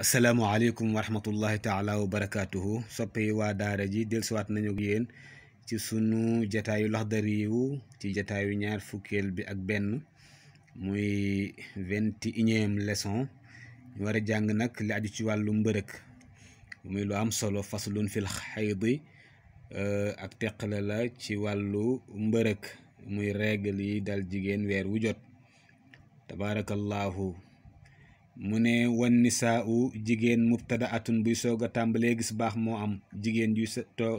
asalaamaaleykum wa rahmatullahi taala wa barakaatuhu soppe yi waa daara ji dellusiwaat nañu ak yéen ci suñu jataayu Laxdari yu ci jataayu ñaar fukkeel bi ak benn muy vingt et unième ñu war jàng nag li aju ci wàllu mbërëk muy lu am solo fas fil xaydi euh, ak teqale la ci wàllu mbërëk muy règle yi dal jigéen weer wu jot tabaarakallaahu mu ne wan nisaau jigéen mubtada atun buy soog a tàmbalee gis baax moo am jigéen ju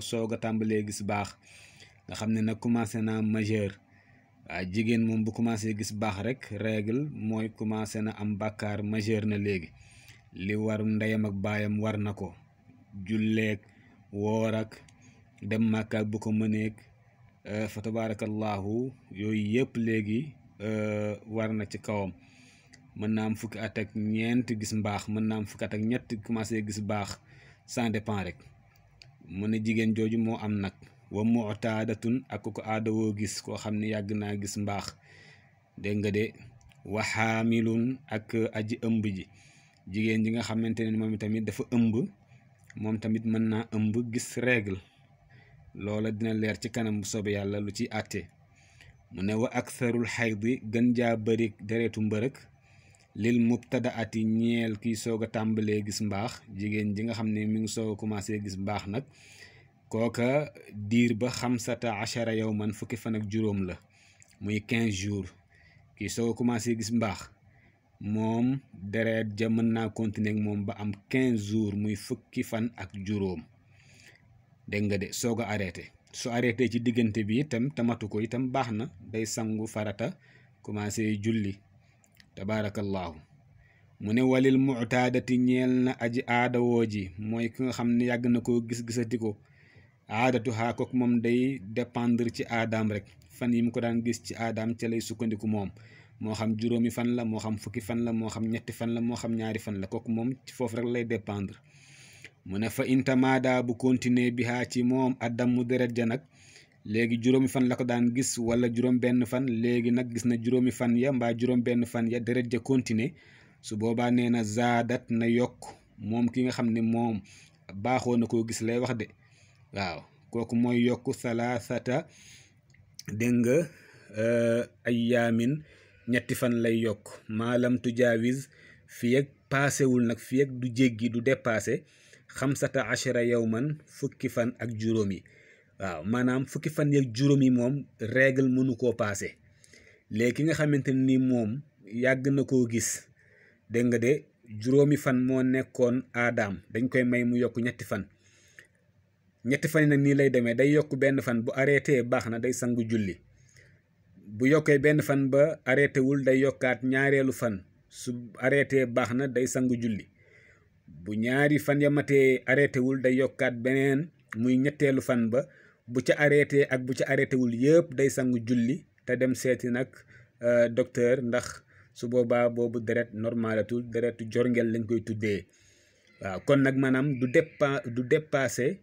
soog a tàmbalee gis baax nga xam ne nag commencé naa majeur waaye jigéen moom bu commencé gis baax rek règle mooy commencé na am bàkkaar majeur na léegi li war ndeyam ak baayam war na ko julleeg woor ak dem màkk bu ko mëneeg euh, fa tabaarakallaahu yooyu yëpp léegi euh, war na ci kawam mën naa am fukki at ak ñeent gis mbaax mën naa am fukki at ak ñett commencé gis baax sans dépend rek mu ne jigéen jooju moo am nag wa mu'taadatun ak ko aadawoo gis koo xam ni yàgg naa gis mbaax dégg nga de wa xaamilun ak aji ëmb ji jigéen ji nga xamante ne moom tamit dafa ëmb moom tamit mën naa ëmb gis règle loola dina leer ci kanam bu soobee yàlla lu ci àtte mu ne wa aktharul xayd gën jaa bëri deretu mbërëk lil ati ñeel kiy soog a tàmbalee gis mbaax jigéen ji nga xam ne mi ngi soog a commencé gis mbaax nag kooka diir ba xamsata achara yow man fukki fan ak juróom la muy 15 jours kiy soog a commencé gis mbaax moom deret ja mën naa continuer moom ba am 15 jours muy fukki fan ak juróom dégg nga de soog a arrêté su arrêté ci diggante bi itam tamatu ko itam baax na day sangu farata commencé julli tabaarakallaahu mu ne walil muctaadati ñeel na aji aadawoo ji mooy ki nga xam ne yàgg na koo gis-gisati ko aadatu xaa kook moom day dépendre ci aadaam rek fan yi mu ko daan gis ci aadaam ca lay sukkandiku moom moo xam juróomi fan la moo xam fukki fan la moo xam ñetti fan la moo xam ñaari fan la kooku moom foofu rek lay dépendre mu ne fa intamaadaa bu continuer bi xaa ci moom addamu deret ja nag léegi juróomi fan la ko daan gis wala juróom benn fan léegi nag gis na juróomi fan ya mbaa juróom benn fan ya deret ja continuer su boobaa nee na zaadat na yokk moom ki nga xam ne moom baaxoo na koo gis lay wax de waaw kooku mooy yokk salaasata dégg nga eh, ay yaamin ñetti fan lay yokk maalam tujaawis fii ak paasewul nag fii ak du jéggi du dépassé xamsata achara man fukki fan ak juróomi waaw maanaam fukki fan yeeg juróom yi moom règle mënu koo paase léegi nga xamante nii moom yàgg na koo gis dégg nga de juróomi fan moo nekkoon aadaam dañ koy may mu yokk ñetti fan ñetti fan yi nag nii lay demee day yokk benn fan bu arrêté baax na day sangu julli bu yokkee benn fan ba arrêté wul day yokkaat ñaareelu fan su arrêté baax na day sangu julli bu ñaari fan ya matee arrêté wul day yokkaat beneen muy ñetteelu fan ba bu ci arrêté ak bu ci arrêté wul yëpp day sangu julli te dem seeti nag euh, docteur ndax su boobaa boobu deret normalatul deretu jorngel lañ koy tuddee waaw kon nag maanaam du depa du dépassé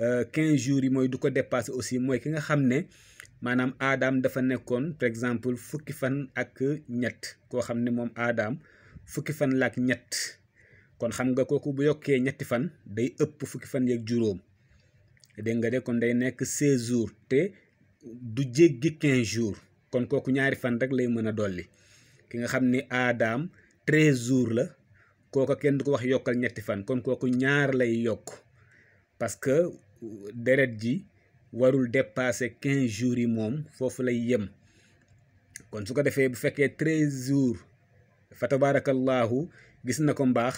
euh, quinze jours yi mooy du ko dépassé aussi mooy ki nga xam ne maanaam aadaam dafa nekkoon par exemple fukki fan ak ñett koo xam ne moom aadaam fukki fan ñett kon xam nga ko bu yokkee ñetti fan day ëpp fukki fan yeeg juróom dégg nga de kon day nekk 16 jours te du jéggi 15 jours kon kooku ñaari fan rek lay mën a dolli ki nga xam ni aadam 13 jours la kooko kenn du ko wax yokkal ñetti fan kon kooku ñaar lay yokk parce que deret ji warul dépasser 15 jours yi moom foofu lay yem kon su ko defee bu fekkee 13 jours fa tabaarakallaahu gis na ko mbaax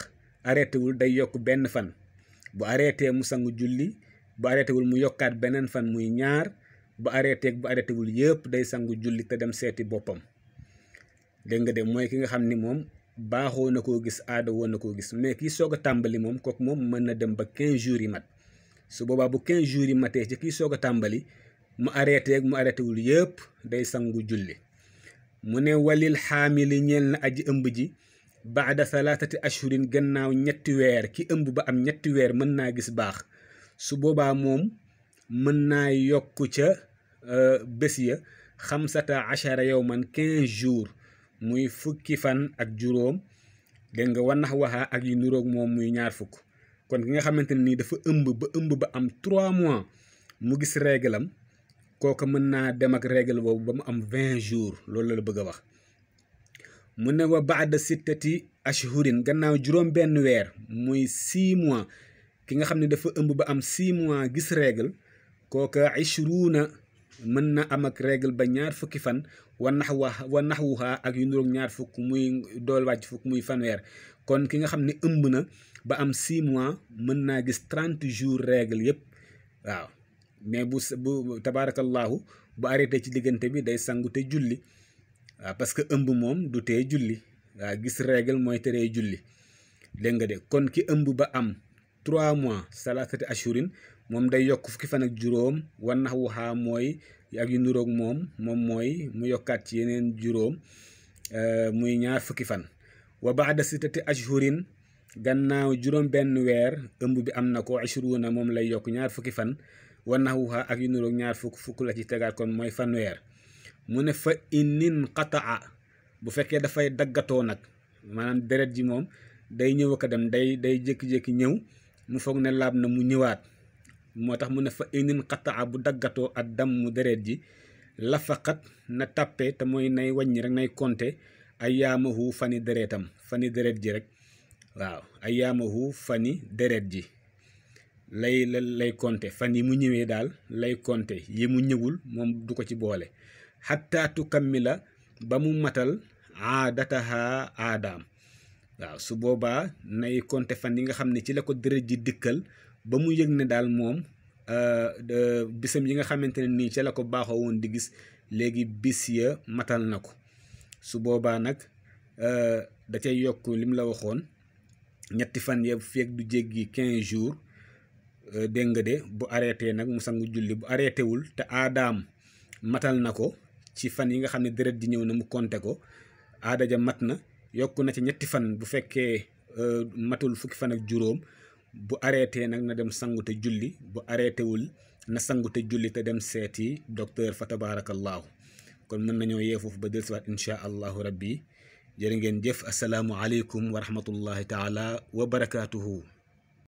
arrêté wul day yokk benn fan bu arrêté mu sangu julli bu arrêté mu yokkaat beneen fan muy ñaar bu arrêté bu arrêté wul yëpp day sangu julli te dem seeti boppam dégg nga de mooy ki nga xam ni moom baaxoo na koo gis aada woon na koo gis mais kii soog a tàmbali moom kooku moom mën na dem ba 15 jours su boobaa bu 15 jours yi matee ci kii soog a tàmbali mu arrêté mu arrêté wul yëpp day sangu julli mu ne walil xaamili ñeel na aji ëmb ji baada salaatati ashurin gannaaw ñetti weer ki ëmb ba am ñetti weer mën naa gis baax su boobaa moom mën naa yokk ca euh, bés ya xamsata achara yow man quinze jours muy fukki fan ak juróom dégg nga wanax waxaa ak yu niroog moom muy ñaar fukk kon ki nga xamante ne nii dafa ëmb ba ëmb ba am trois mois mu gis règle am kooku mën naa dem ak règle boobu ba mu am vingt jours loolu la bëgg a wax mu ne wa baada sittati ashhurin gannaaw juróom benn weer muy six mois ki nga xam ne dafa ëmb ba am 6 mois gis règle kooka na mën na am ak règle ba ñaar fukki fan wa nax wa wa ak yu nuroog ñaar fukk muy dool wàcc fukk muy fanweer kon ki nga xam ne ëmb na ba am 6 mois mën naa gis trent jours règle yëpp waaw mais bu bu tabaarakallaahu bu arrêté ci diggante bi day sangu te julli waaw parce que ëmb moom du tee julli waaw gis règle mooy teree julli dégg nga de kon ki ëmb ba am trois mois salaasati ashurin moom day yokk fukki fan ak juróom wan nax waxaa mooy ak yu nuroog moom moom mooy mu yokkaat ci yeneen juróom euh, muy ñaar fukki fan wa baada sitati ashurin gannaaw juróom benn weer ëmb bi am na ko ashuruuna moom lay yokk ñaar fukki fan wan nax waxaa ak yu nuroog ñaar fukk fukk la ci tegaat kon mooy weer mu ne fa inin qataa bu fekkee dafay daggatoo nag maanaam deret ji moom day ñëw ak dem day day jékki ñëw mu foog ne laab na mu ñëwaat moo tax mu ne fa inin xataa bu daggatoo ak dam mu ji lafaqat na tàppe te mooy nay wàññi rek nay konte ay yaamahu fani deretam fani deret ji rek waaw ay yaamahu fani deret ji lay lay konte fan yi mu ñëwee daal lay konte yi mu ñëwul moom du ko ci boole xataa tukammila ba mu matal aadataha aadaam waaw su boobaa nay compter fan yi nga xam ne ci la ko deret ji dikkal ba mu yëg ne daal moom euh, euh, bisam yi nga xamante ni nii ca la ko baaxoo woon di gis léegi bis ya matal na ko su boobaa nag euh, da cay yokk li mu la waxoon ñetti fan ya feeg du jéggi quinze jours dégg nga de bu arrêté nag mu sangu julli bu arrêté wul te aadaam matal na ko ci fan yi nga xam ne deret ji ñëw na mu compter ko aada ja mat na yokk na ci ñetti fan bu fekkee euh, matul fukki fan ak juróom bu arrêté nag na dem sangu te julli bu arrêté wul na sangu te julli te dem seeti docteur fa tabaarakallaahu kon mën nañoo yee foofu ba dellusiwaat incha allahu rabbi jërë ngeen jëf aleykum wa rahmatullahi taala wa barakaatuhu.